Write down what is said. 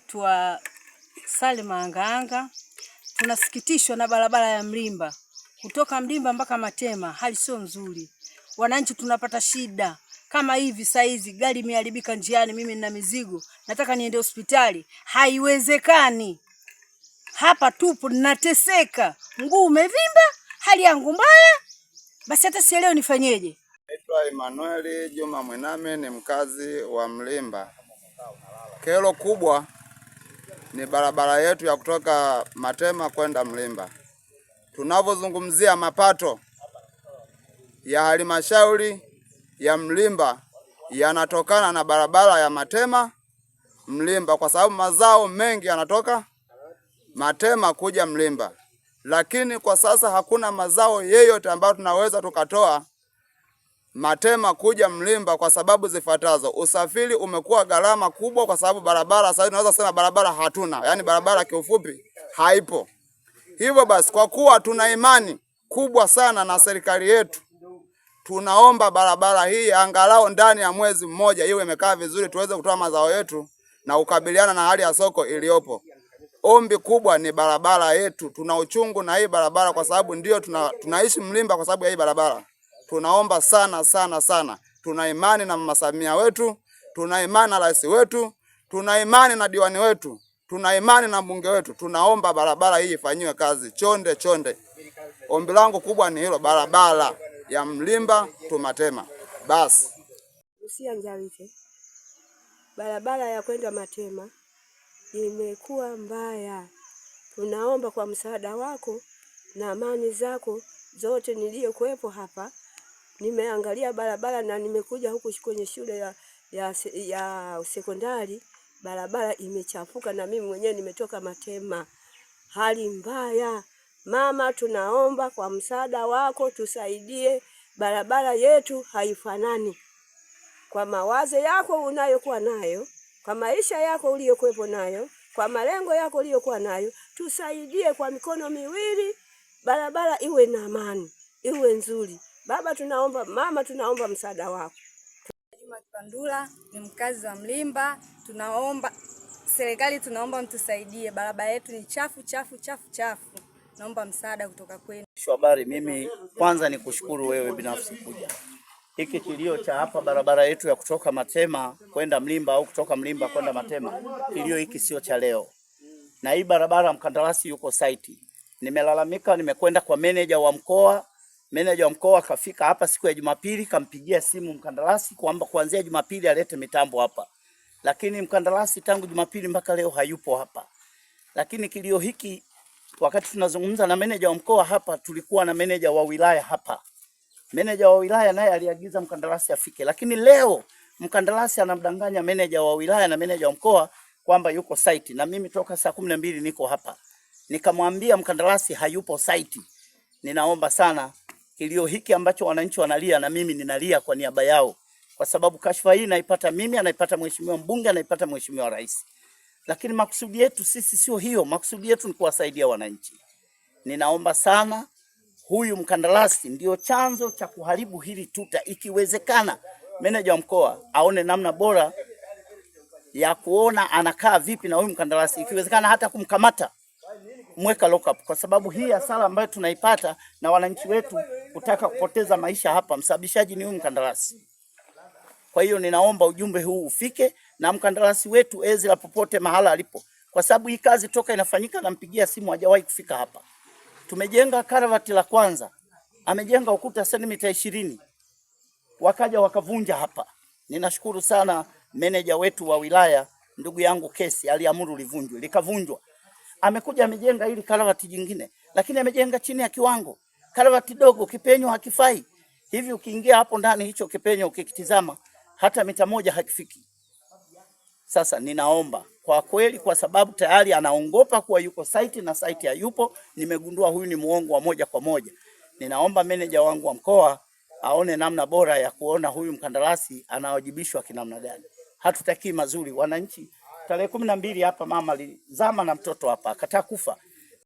naitwa Salma Anganga. Tunasikitishwa na barabara ya Mlimba kutoka Mlimba mpaka Matema, hali sio nzuri, wananchi tunapata shida kama hivi saizi gari imeharibika njiani, mimi nina mizigo, nataka niende hospitali, haiwezekani. Hapa tupo nateseka, mguu umevimba, hali yangu mbaya, basi hata sielewi nifanyeje. Naitwa Emmanuel Juma Mwename, ni mkazi wa Mlimba. Kero kubwa ni barabara yetu ya kutoka Matema kwenda Mlimba. Tunavyozungumzia mapato ya halmashauri ya Mlimba yanatokana na barabara ya Matema Mlimba, kwa sababu mazao mengi yanatoka Matema kuja Mlimba, lakini kwa sasa hakuna mazao yeyote ambayo tunaweza tukatoa Matema kuja Mlimba kwa sababu zifuatazo. Usafiri umekuwa gharama kubwa kwa sababu barabara sasa tunaweza sema barabara hatuna. Yaani barabara kiufupi haipo. Hivyo basi kwa kuwa tuna imani kubwa sana na serikali yetu, tunaomba barabara hii angalau ndani ya mwezi mmoja iwe imekaa vizuri tuweze kutoa mazao yetu na kukabiliana na hali ya soko iliyopo. Ombi kubwa ni barabara yetu. Tuna uchungu na hii barabara kwa sababu ndio tuna, tunaishi Mlimba kwa sababu ya hii barabara. Tunaomba sana sana sana, tuna imani na mama Samia wetu, tuna imani na rais wetu, tuna imani na diwani wetu, tuna imani na mbunge wetu. Tunaomba barabara hii ifanyiwe kazi chonde chonde. Ombi langu kubwa ni hilo, barabara ya Mlimba Tumatema. Basi usianjalike, barabara ya kwenda Matema imekuwa mbaya. Tunaomba kwa msaada wako na amani zako zote niliyokuwepo hapa nimeangalia barabara na nimekuja huku kwenye shule ya, ya, ya sekondari, barabara imechafuka na mimi mwenyewe nimetoka Matema, hali mbaya. Mama, tunaomba kwa msaada wako tusaidie, barabara yetu haifanani kwa mawazo yako unayokuwa nayo, kwa maisha yako uliyokuwepo nayo, kwa malengo yako uliyokuwa nayo, tusaidie kwa mikono miwili, barabara iwe na amani, iwe nzuri. Baba tunaomba, mama tunaomba msaada wako. Juma Kipandula ni mkazi wa Mlimba, tunaomba serikali, tunaomba mtusaidie, barabara yetu ni chafu chafu chafu chafu, naomba msaada kutoka kwenu. Habari, mimi kwanza ni kushukuru wewe binafsi kuja hiki kilio cha hapa barabara yetu ya kutoka Matema kwenda Mlimba au kutoka Mlimba kwenda Matema, kilio hiki sio cha leo, na hii barabara mkandarasi yuko site. Nimelalamika, nimekwenda kwa meneja wa mkoa Meneja wa mkoa kafika hapa siku ya Jumapili, kampigia simu mkandarasi kwamba kuanzia Jumapili alete mitambo hapa, lakini mkandarasi tangu Jumapili mpaka leo hayupo hapa. Lakini kilio hiki, wakati tunazungumza na meneja wa mkoa hapa, tulikuwa na meneja wa wilaya hapa. Meneja wa wilaya naye aliagiza mkandarasi afike, lakini leo mkandarasi anamdanganya meneja wa wilaya na meneja wa mkoa kwamba yuko site, na mimi toka saa kumi na mbili niko hapa, nikamwambia mkandarasi hayupo site. Ninaomba sana kilio hiki ambacho wananchi wanalia, na mimi ninalia kwa niaba yao, kwa sababu kashfa hii naipata mimi, anaipata mheshimiwa mbunge, anaipata mheshimiwa rais. Lakini makusudi yetu sisi sio hiyo, makusudi yetu ni kuwasaidia wananchi. Ninaomba sana, huyu mkandarasi ndio chanzo cha kuharibu hili tuta. Ikiwezekana meneja wa mkoa aone namna bora ya kuona anakaa vipi na huyu mkandarasi, ikiwezekana hata kumkamata, mweka lockup, kwa sababu hii hasara ambayo tunaipata na wananchi wetu kutaka kupoteza maisha hapa, msababishaji ni huyu mkandarasi. Kwa hiyo ninaomba ujumbe huu ufike na mkandarasi wetu Ezra popote mahala alipo, kwa sababu hii kazi toka inafanyika, nampigia simu hajawahi kufika hapa. Tumejenga karavati la kwanza, amejenga ukuta sentimita ishirini, wakaja wakavunja hapa. Ninashukuru sana meneja wetu wa wilaya ndugu yangu Kesi aliamuru livunjwe, likavunjwa. Amekuja amejenga hili karavati jingine, lakini amejenga chini ya kiwango kalava kidogo, kipenyo hakifai hivi. Ukiingia hapo ndani, hicho kipenyo ukikitizama hata mita moja hakifiki. Sasa ninaomba kwa kweli, kwa sababu tayari anaongopa kuwa yuko site na site hayupo, nimegundua huyu ni muongo wa moja kwa moja. Ninaomba meneja wangu wa mkoa aone namna bora ya kuona huyu mkandarasi anawajibishwa kinamna gani. Hatutaki mazuri wananchi. Tarehe kumi na mbili hapa mama alizama na mtoto hapa akataa kufa.